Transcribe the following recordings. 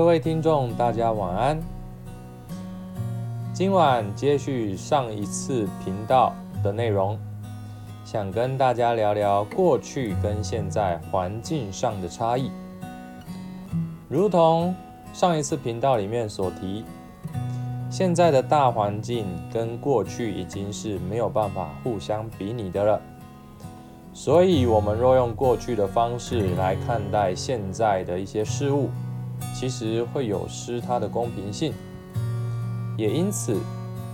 各位聽眾，大家晚安。今晚接續上一次頻道的內容，想跟大家聊聊過去跟現在環境上的差異。如同上一次頻道裡面所提，現在的大環境跟過去已經是沒有辦法互相比擬的了。所以，我們若用過去的方式來看待現在的一些事物，其實會有失它的公平性，也因此，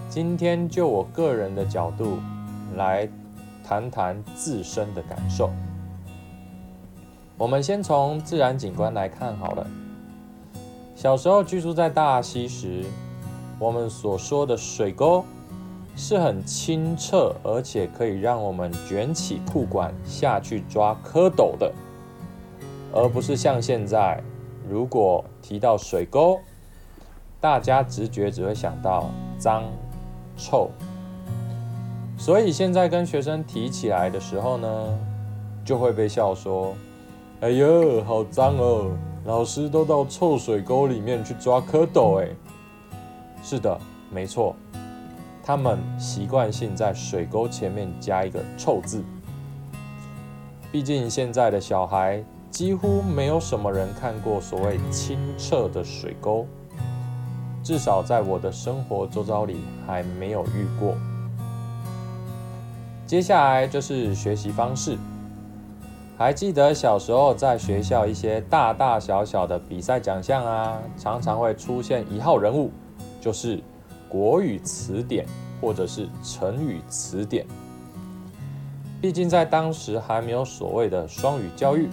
今天就我個人的角度來談談自身的感受。我們先從自然景觀來看好了。小時候居住在大溪時，我們所說的水溝是很清澈，而且可以讓我們捲起褲管下去抓蝌蚪的，而不是像現在。如果提到水溝，大家直覺只會想到髒、臭，所以現在跟學生提起來的時候呢，就會被笑說：“哎呦，好髒哦！老師都到臭水溝裡面去抓蝌蚪哎。”是的，沒錯，他們習慣性在水溝前面加一個“臭”字，畢竟現在的小孩。幾乎沒有什麼人看過所謂清澈的水溝，至少在我的生活周遭裡還沒有遇過。接下來就是學習方式。還記得小時候在學校一些大大小小的比賽獎項啊，常常會出現一號人物，就是國語詞典或者是成語詞典。畢竟在當時還沒有所謂的雙語教育。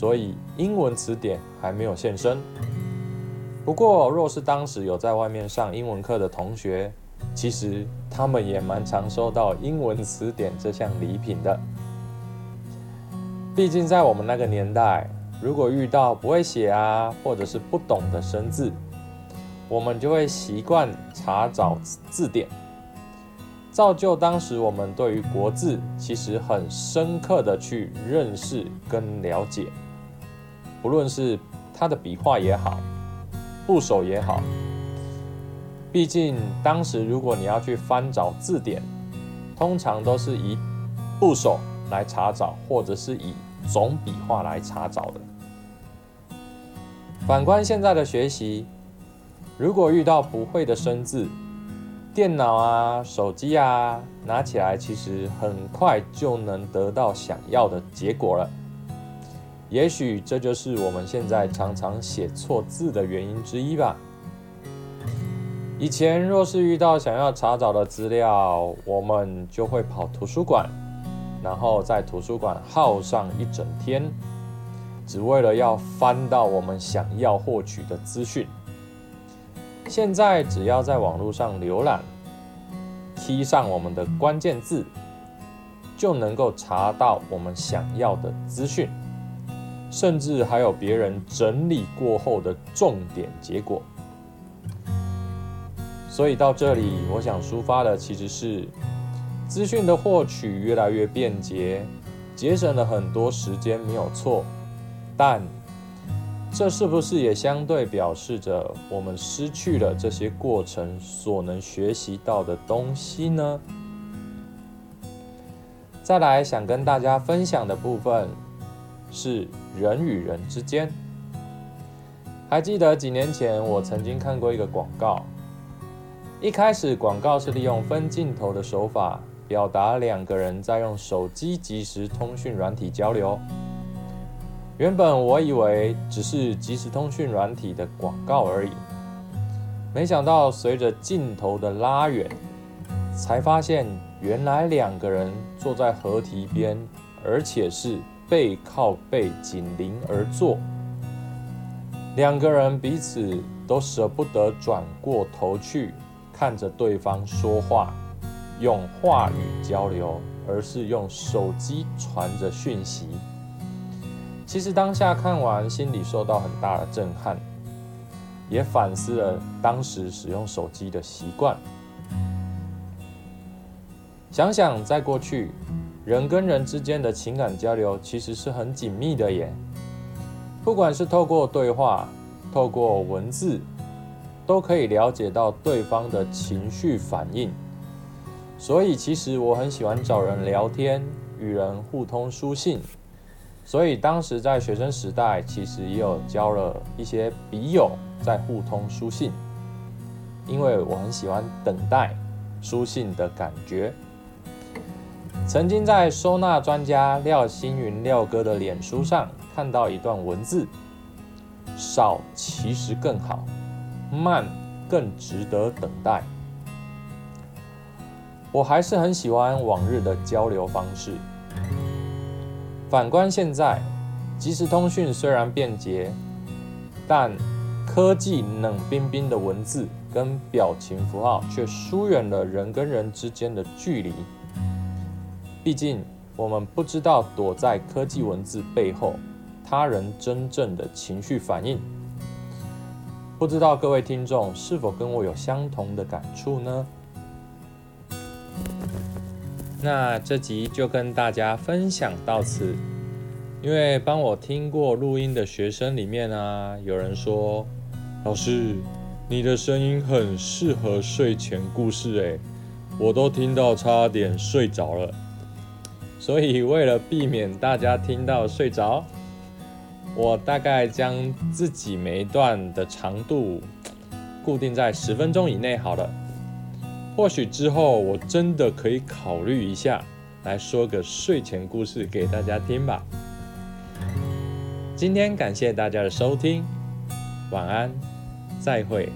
所以，英文詞典還沒有現身。不過，若是當時有在外面上英文課的同學，其實他們也蠻常收到英文詞典這項禮品的。畢竟，在我們那個年代，如果遇到不會寫啊，或者是不懂的生字，我們就會習慣查找字典，造就當時我們對於國字其實很深刻的去認識跟了解。不論是它的筆畫也好，部首也好，畢竟當時如果你要去翻找字典，通常都是以部首來查找，或者是以總筆畫來查找的。反觀現在的學習，如果遇到不會的生字，電腦啊、手機啊，拿起來其實很快就能得到想要的結果了。也許這就是我們現在常常寫錯字的原因之一吧。以前若是遇到想要查找的資料，我們就會跑圖書館，然後在圖書館耗上一整天，只為了要翻到我們想要獲取的資訊。現在只要在網絡上瀏覽，貼上我們的關鍵字，就能夠查到我們想要的資訊。甚至還有別人整理過後的重點結果，所以到這裡，我想抒發的其實是，資訊的獲取越來越便捷，節省了很多時間，沒有錯，但這是不是也相對表示着我們失去了這些過程所能學習到的東西呢？再來，想跟大家分享的部分是。人與人之間，還記得幾年前我曾經看過一個廣告。一開始，廣告是利用分鏡頭的手法，表達兩個人在用手機即時通訊軟體交流。原本我以為只是即時通訊軟體的廣告而已，沒想到隨着鏡頭的拉遠，才發現原來兩個人坐在河堤邊，而且是。背靠背緊鄰而坐，兩個人彼此都捨不得轉過頭去看着對方說話，用話語交流，而是用手機傳着訊息。其實當下看完，心裡受到很大的震撼，也反思了當時使用手機的習慣。想想在過去。人跟人之間的情感交流其實是很緊密的耶，不管是透過對話，透過文字，都可以了解到對方的情緒反應。所以其實我很喜歡找人聊天，與人互通書信。所以當時在學生時代，其實也有交了一些筆友，在互通書信，因為我很喜歡等待書信的感覺。曾經在收納專家廖星雲廖哥的臉書上看到一段文字：少其實更好，慢更值得等待。我還是很喜歡往日的交流方式。反觀現在，即時通訊雖然便捷，但科技冷冰冰的文字跟表情符號卻疏遠了人跟人之間的距離。畢竟，我們不知道躲在科技文字背後他人真正的情緒反應。不知道各位聽眾是否跟我有相同的感觸呢？那這集就跟大家分享到此。因為幫我聽過錄音的學生裡面啊，有人說：“老師，你的聲音很適合睡前故事。”誒，我都聽到差點睡着了。所以為了避免大家聽到睡着，我大概將自己每一段的長度固定在十分鐘以內。好了，或許之後我真的可以考慮一下，來說個睡前故事給大家聽吧。今天感謝大家的收聽，晚安，再會。